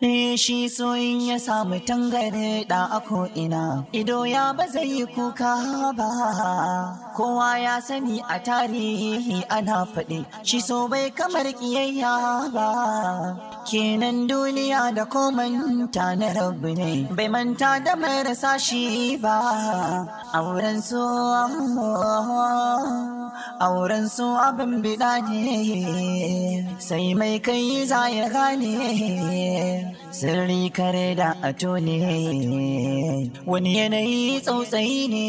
shi soyin ya samu tangare da ako ina ido ya ba zai yi kuka ba kowa ya sani a tarihi ana faɗi shi so bai kamar kiyayya ba kenan duniya da komanta na rabu ne bai manta da marasa shi ba auren su auren su abin bida ne sai mai kai za ya gane sirri kare da ato ne wani yanayi tsautsayi ne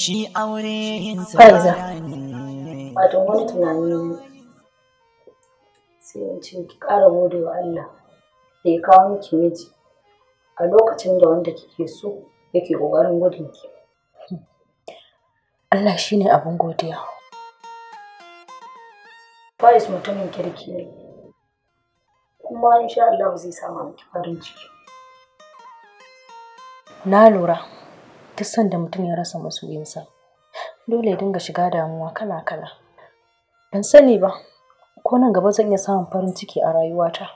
shi aure yin saurara ne wato wani tunani sai in ce ki kara gode wa Allah da ya kawo miki miji a lokacin da wanda kike so yake ƙoƙarin gudun ki Allah shi ne abin godiya. fais mutumin kirki ne, kuma insha Allah zai sama miki farin ciki. Na lura, duk da mutum ya rasa masoyinsa, dole ya dinga shiga damuwa kala-kala. Ban sani ba, ko nan gaba zan iya samun farin ciki a rayuwata.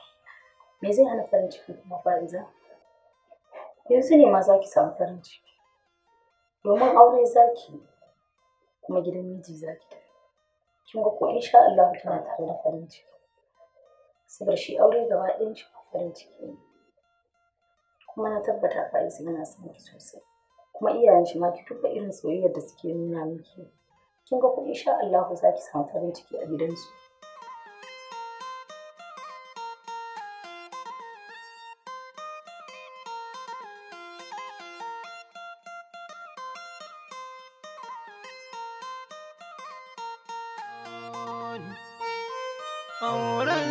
Me zai hana farin ciki kuma Faiza? Yanzu ne ma za ki samu farin ciki. Domin aure za ki yi. kuma gidan miji za ki tafi kin ga ko insha Allah kina tare da farin ciki saboda shi aure gaba ɗayan shi farin ciki ne kuma na tabbata yi yana son ki sosai kuma iyayen shi ma ki duba irin soyayyar da suke nuna miki kin ga ko insha Allah za ki samu farin ciki a gidansu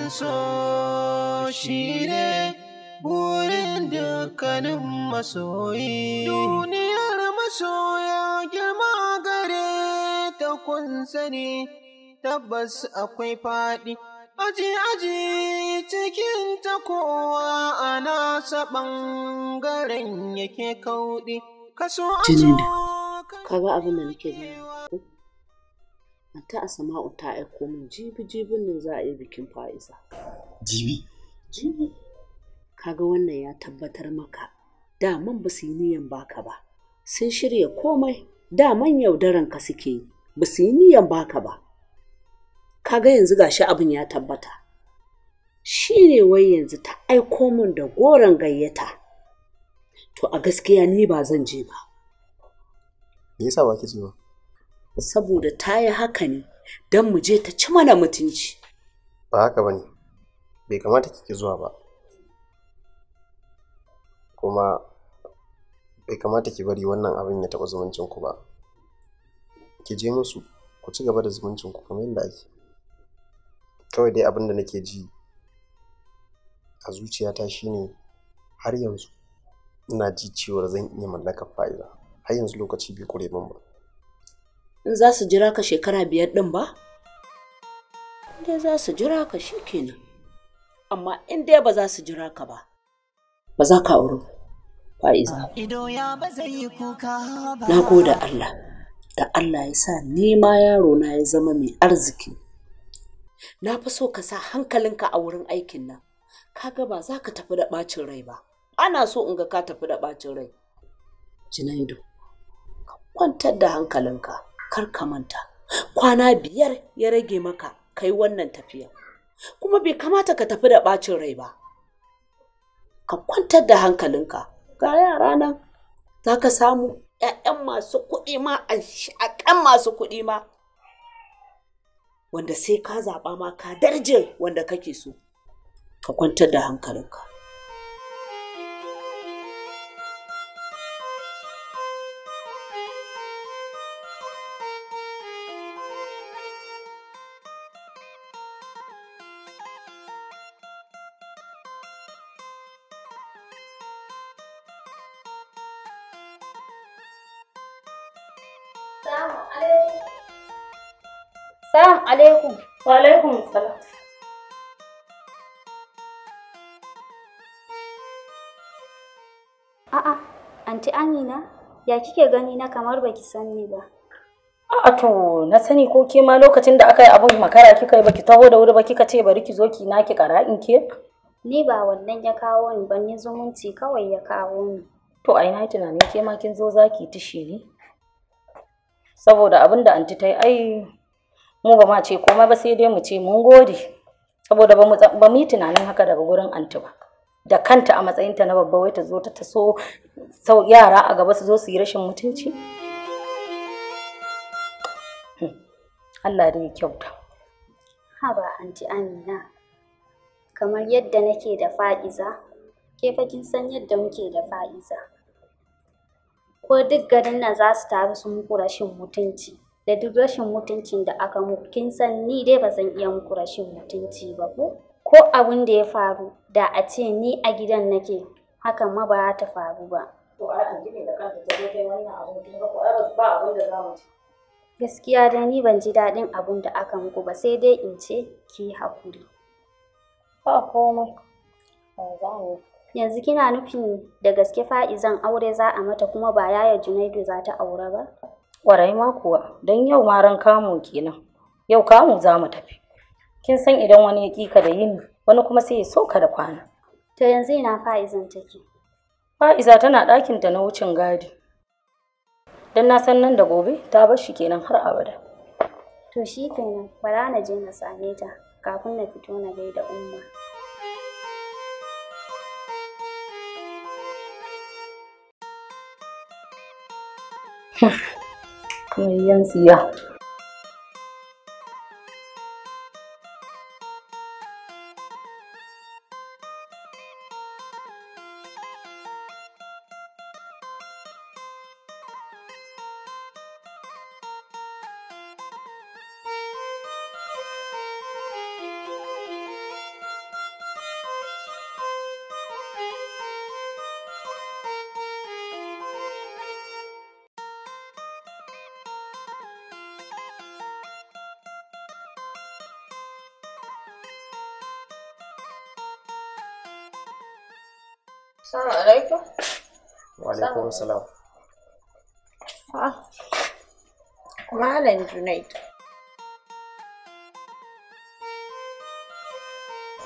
so shi ne burin dukkanin masoyi. Duniyar masoya girma gare ta kun sani tabbas akwai faɗi. Aji aji cikin ta kowa a nasa ɓangaren yake kauɗi. Kaso aso. Kaga abin da nake gani. ta Asma'u ta aiko min jibi jibin nan za a yi bikin fa'iza. Jibi? Jibi. Kaga wannan ya tabbatar maka daman ba su yi niyan baka ba. Sun shirya komai daman yaudaran ka suke yi ba su yi niyan baka ba. Kaga yanzu gashi abin ya tabbata. Shi ne wai yanzu ta aiko min da goron gayyata. To a gaskiya ni ba zan je ba. Me yasa ba ke ce ba? saboda ta yi haka ne don mu je ta ci mana mutunci. Ba haka ba ne, bai kamata kike zuwa ba, kuma bai kamata ki bari wannan abin ya taɓa zumuncinku ba. Ki je musu ku ci gaba da zumuncinku kamar yadda ake. Kawai dai abin da nake ji a zuciyata shine har yanzu ina ji cewar zan iya mallakar fa'ida har yanzu lokaci bai kure min ba. in za su jira ka shekara biyar ɗin ba dai za su jira ka shi kenan amma in dai ba za su jira ka ba ba za ka auru fa'iza na gode Allah da Allah ya sa nema yaro na ya zama mai arziki na fi so ka sa hankalinka a wurin aikin nan Ka ba za ka tafi da ɓacin rai ba ana so in ga ka tafi da ɓacin rai Junaidu, ka kwantar da hankalinka. kar ka manta kwana biyar ya rage maka kai wannan tafiya kuma bai kamata ka tafi da bacin rai ba ka kwantar da hankalinka ga yara nan za ka samu 'ya'yan masu kuɗi ma a masu kuɗi ma wanda sai ka zaɓa ma ka darje wanda kake so ka kwantar da hankalinka Salam alaikum. Wa alaikum salam. A'a, anti Amina, ya kike gani na kamar baki sani ba? A'a to, na sani ko ke ma lokacin da aka yi abun makara kika yi baki taho da wuri ba kika ce bari ki zo ki na ki kara in ke? Ni ba wannan ya kawo ni ba ni zumunci kawai ya kawo ni. To ai na tunanin ke ma kin zo zaki tishi ne. Saboda abin da anti ta yi ai mu ba ma ce komai ba sai dai mu ce mun gode saboda ba mu yi tunanin haka daga gurin anti ba da kanta a matsayinta na babba wai ta zo ta taso sau yara a gaba su zo su yi rashin mutunci hmm. Allah da ya kyauta ba anti amina kamar yadda nake da fa'iza ke fa kin san yadda muke da fa'iza ko duk garin nan za su taru su muku rashin mutunci da duk rashin mutuncin da aka muku kin san ni dai ba zan iya muku rashin mutunci ba ko ko abin da ya faru da a ce ni a gidan nake hakan ma ba ta faru ba to a ne da kanta ta kai wannan abin, kin ga ko ba abin da za mu ci gaskiya da ni ban ji daɗin abun da aka muku ba sai dai in ce ki hakuri ba komai yanzu kina nufin da gaske fa'izan aure za a mata kuma ba yaya junaidu za ta aure ba Ƙwarai ma kuwa, don yau ma ran kamu kenan. Yau kamu za mu tafi. Kin san idan wani ya ƙi ka da yini, wani kuma sai ya soka da kwana. To yanzu ina fa'izan take. Fa'iza tana ɗakinta na wucin gadi. Don na san nan da gobe ta bar shi kenan har abada. To shi kenan, wala na je na same ta kafin na fito na gaida umma. Yeah. 没意思呀。Assalamu alaikum. Wa alaikum salam. Malam Junaid.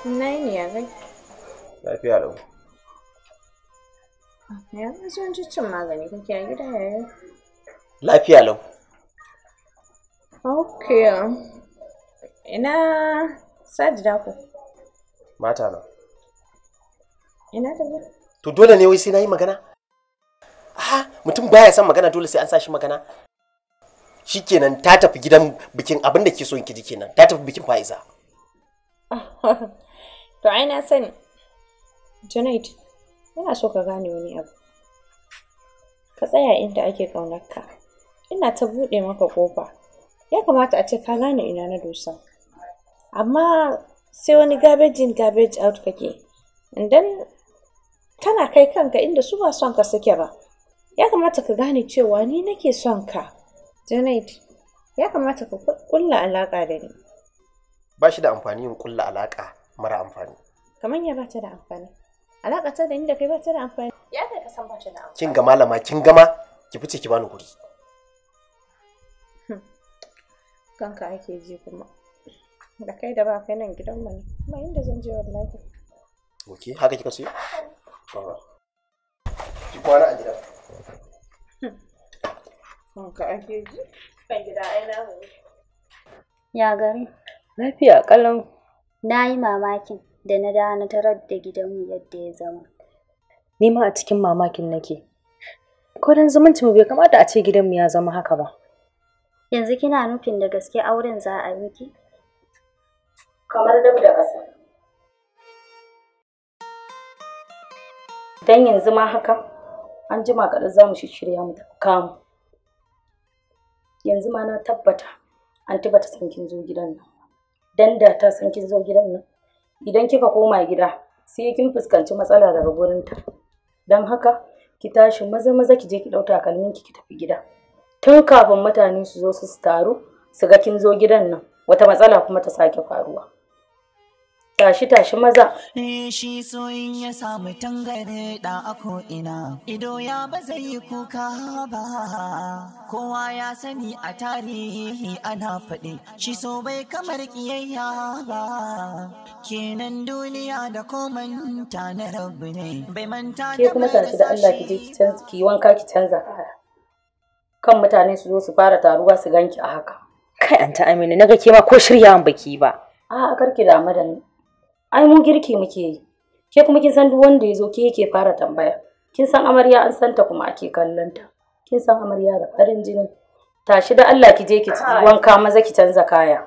Ina ne ya kai? Lafiya lau. Ya ga zuwan cicin magani kake a gida yaya? Lafiya lau. Ok. Ina sajida Mata na. Ina to dole ne wai sai na yi magana ah mutum baya son magana dole sai an sa shi magana shikenan ta tafi gidan bikin abin da ke so ki ji kenan ta tafi bikin fa'iza to ai na sani Junaid ina so ka gane wani abu ka tsaya inda ake ƙaunarka ina ta buɗe maka kofa ya kamata a ce ka gane ina na dosa amma sai wani garbage in garbage out kake then tana kai kanka inda su ba son ka suke ba ya kamata ka gane cewa ni nake son ka janet ya kamata ka kulla alaka da ni ba shi da amfani yin kulla alaka mara amfani kamar ya bata da amfani alaka ta da ni da kai bata da amfani ya kai ka san ta da amfani kin ga malama kin gama ki fice ki bani guri hmm. kanka ake ji kuma da kai da ba kai nan gidan mu ne inda zan je wallahi oke haka kika so Ki kwana a gida. Wanka ake ji? Ban gida Ya gari? Lafiya ƙalau. Na yi mamakin da na dawo na tarar da gidanmu yadda ya zama. Ni ma a cikin mamakin nake. Ko dan mu bai kamata a ce gidanmu ya zama haka ba. Yanzu kina nufin da gaske auren za a ki. Kamar da ƙasa. don yanzu ma haka an jima kaɗan zamu mu shirya mu kamu yanzu ma na tabbata an bata san kin zo gidan nan dan da ta san kin zo gidan nan idan kika koma gida sai kin fuskanci matsala daga gurin ta don haka ki tashi maza maza ki je ki ɗau takalmin ki ki tafi gida tun kafin mutane su zo su taru su ga kin zo gidan nan wata matsala kuma ta sake faruwa Tashi tashi maza. Eh, shi soyin ya samu tangare da ako ina. Ido ya ba zai yi kuka ba. Kowa ya sani a tarihi ana faɗi. Shi so bai kamar kiyayya ba. Kenan duniya da ta na rabu ne. Bai manta da kuma tashi da Allah ki je ki wanka ki canza kaya. Kan mutane su zo su fara taruwa su ganki a haka. Kai an ta amina naga ke ma ko shirya an baki ba. A'a karki da ni. ai mun girki muke yi ke kuma kin san duk wanda ya zo ke yake fara tambaya kin san amarya an santa kuma ake kallon ta kin san amarya da farin jini tashi da Allah ki je ki ci wanka maza ki canza kaya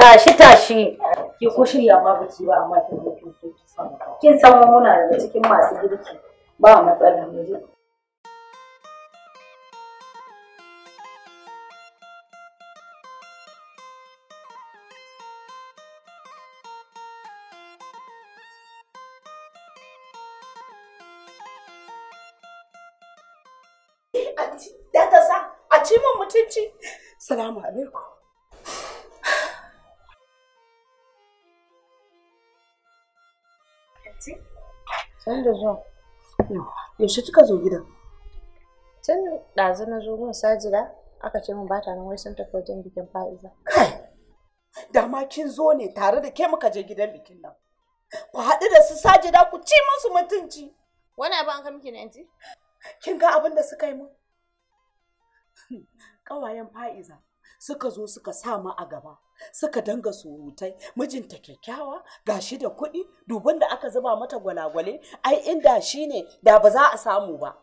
tashi tashi ki ko shirya ma biki ba amma kin san kin san muna daga cikin masu girki ba matsala mu je Assalamu alaikum. San zuwa. Yaushe kika zo gidan? Tun ɗazu na zo mun sajira aka ce mun bata nan wai sun tafi wajen bikin fa'iza. Kai! Da ma kin zo ne tare da ke muka je gidan bikin nan. Ku haɗu da su sajira ku ci musu mutunci. Wani abu an ka miki na Kin ga abin da suka yi mun? Hm. Ƙawayen fa'iza suka zo suka sa mu a gaba suka danga surutai mijinta kyakkyawa ga shi da kuɗi duban da aka zuba mata gwalagwale ai inda shi ne, da ba za a samu ba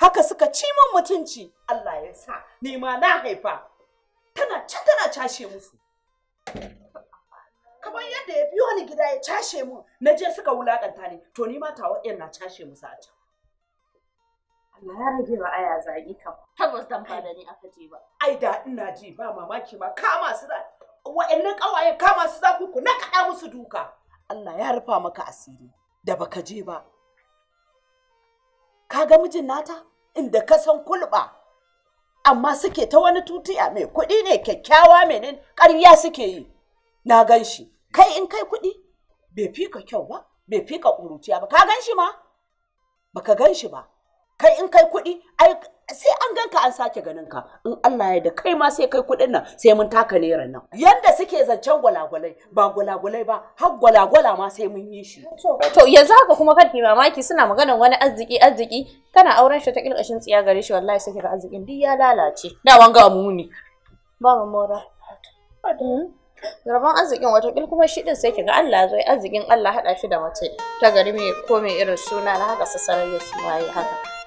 haka suka ci min mutunci Allah ya sa ni na haifa tana can tana cashe musu kamar yadda ya biyo ni gida ya cashe mu na je suka wulakanta ni to ni ma tawa na cashe musu a can Allah ya rage wa aya zagi kam. Tabbas dan ba da ni aka je ba. Ai da ina ji ba mamaki ma kama su da wa'annan kawaye kama su za ku ku na kaɗa musu duka. Allah ya rufa maka asiri da baka je ba. Ka ga mijin nata inda ka san kulɓa amma suke ta wani tutiya mai kuɗi ne kyakkyawa mai ƙarya suke yi. Na gan shi. Kai in kai kuɗi bai fika kyau ba bai fika ƙuruciya ba ka gan shi ma baka gan shi ba. kai in kai kuɗi ai sai an ganka an sake ganin ka in Allah ya da kai ma sai kai kuɗin nan sai mun taka neran nan yanda suke zancen gwalagwalai ba gwalagwalai ba har gwalagwala ma sai mun yi shi to yanzu haka kuma kan mamaki suna maganar wani arziki arziki kana auren shi ta kilkashin tsiya gare shi wallahi sai ga arzikin duk ya lalace da wanga muni ba mu mora Zarban hmm? arzikin wata kuma shi din sai kiga Allah zai arzikin Allah haɗa shi da mace ta gari mai ko mai irin suna na haka sasarar ya suna yi haka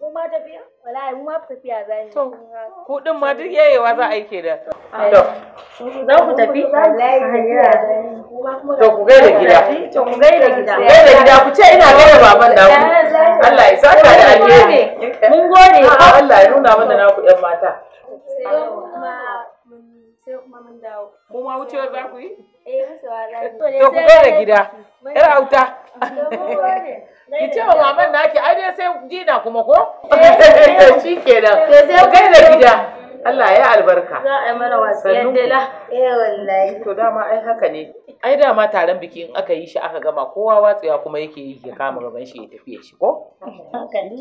Kuma tafiya? Wallahi mu ma tafiya za ni. To, ku din ma duk yayewa za a yi ke da. To, za ku tafi? To, ku gai da gida. To, ku gai da gida. Ku Gai da gida, ku ce ina gai da baban da ku. Allah ya saka da alheri. Mun gode. Allah ya nuna mana na ku ƴan mata. sai kuma mun dawo. Mu ma wucewar za ku yi? Eh, wucewa za ku. yi. To, ku gai da gida. Yar auta. Ki ce wa maman naki ai dai sai dina kuma ko? Eh, eh, eh. Shi kenan. gida. Allah ya albarka. Za a yi mana wasu dila. Eh wallahi. To dama ai haka ne. Ai dama taron bikin in aka yi shi aka gama kowa watsewa kuma yake yi ya kama gaban shi ya tafi shi ko?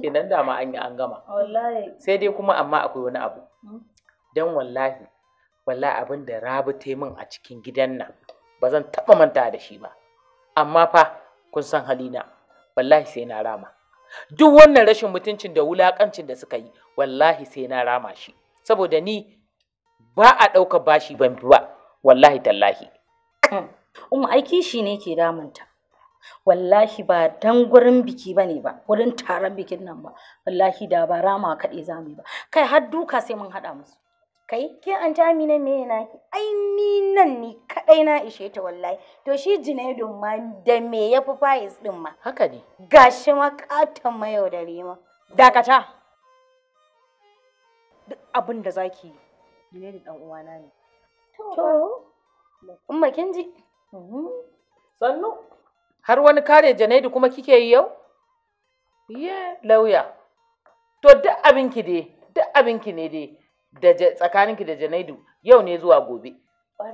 Kenan dama an yi an gama. Wallahi. Sai dai kuma amma akwai wani abu. Hmm? Dan wallahi wallahi abin da rabu ta min a cikin gidan nan ba zan taɓa manta da shi ba. Amma fa kun san halina wallahi sai na rama duk wannan rashin mutuncin da wulakancin da suka yi wallahi sai na rama shi saboda ni ba a ɗauka bashi ban ba wallahi tallahi um aiki shi ne ke damunta wallahi ba dan gurin biki bane ba gurin taron bikin nan ba wallahi da ba rama kaɗai zamu ba kai har duka sai mun haɗa musu kai ke an ta amina me na ki ai ni nan ni kadai na ishe ta wallahi to shi Junaidun ma da me ya fi Faiz din ma haka ne gashi ma katan da ma dakata duk abin da zaki yi Junaidu uwa uwana ne to umma kin ji mhm. sannu har wani kare Junaidu kuma kike yi yau ye lauya to duk abinki dai duk abinki ne dai da tsakaninki da Janaidu yau ne zuwa gobe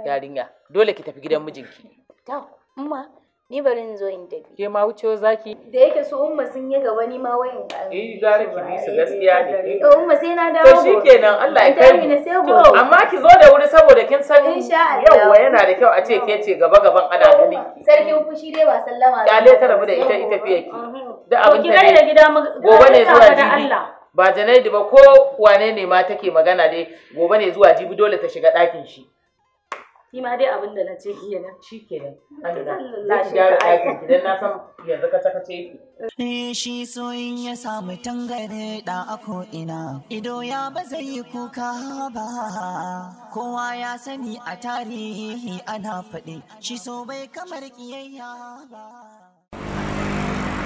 yarinya dole ki tafi gidan mijinki to umma ni bari in zo in tafi ke ma wucewa zaki da yake so umma sun yi gaba ni ma wayan ka eh gari ki bi su gaskiya ne eh, eh. to umma sai na dawo to shikenan Allah ya kai ni amma ki zo da wuri saboda kin san yawa yana da kyau a ce ke ce gaba gaban ana gani sarkin fushi dai ba sallama le ta rabu da ita ita fiye ki da abin da ne gobe ne zuwa jibi ba Janaidu ba ko wane ne ma take magana dai gobe ne zuwa jibi dole ta shiga ɗakin shi. Shi ma dai abin da na ce kenan. Shi kenan. Allah shi gyara ɗakin ki dan na san yanzu ka saka ce ki. Eh, shi soyin ya samu tangare da a ina ido ya ba zai yi kuka ba kowa ya sani a tarihi ana faɗi shi so bai kamar kiyayya ba.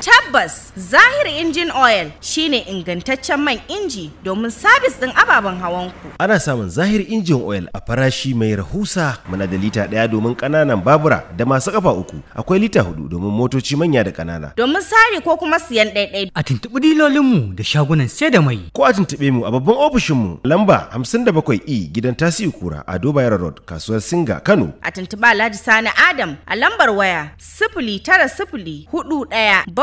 Tabbas Zahir Injin Oil shine ingantaccen man inji domin sabis ɗin ababen hawanku. Ana samun Zahir Injin Oil a farashi mai rahusa muna da lita ɗaya domin ƙananan babura da masu ƙafa uku akwai lita hudu domin motoci manya da ƙanana. Domin sari ko kuma siyan ɗaiɗai. A tuntuɓi mu da shagunan sai da mai. Ko a tuntuɓe mu a babban ofishin ofishinmu lamba hamsin 57 E gidan Tasiu Kura a Dubai Road kasuwar Singa Kano. A tuntuɓa Alhaji Sani Adam a lambar waya sifili tara sifili hudu ɗaya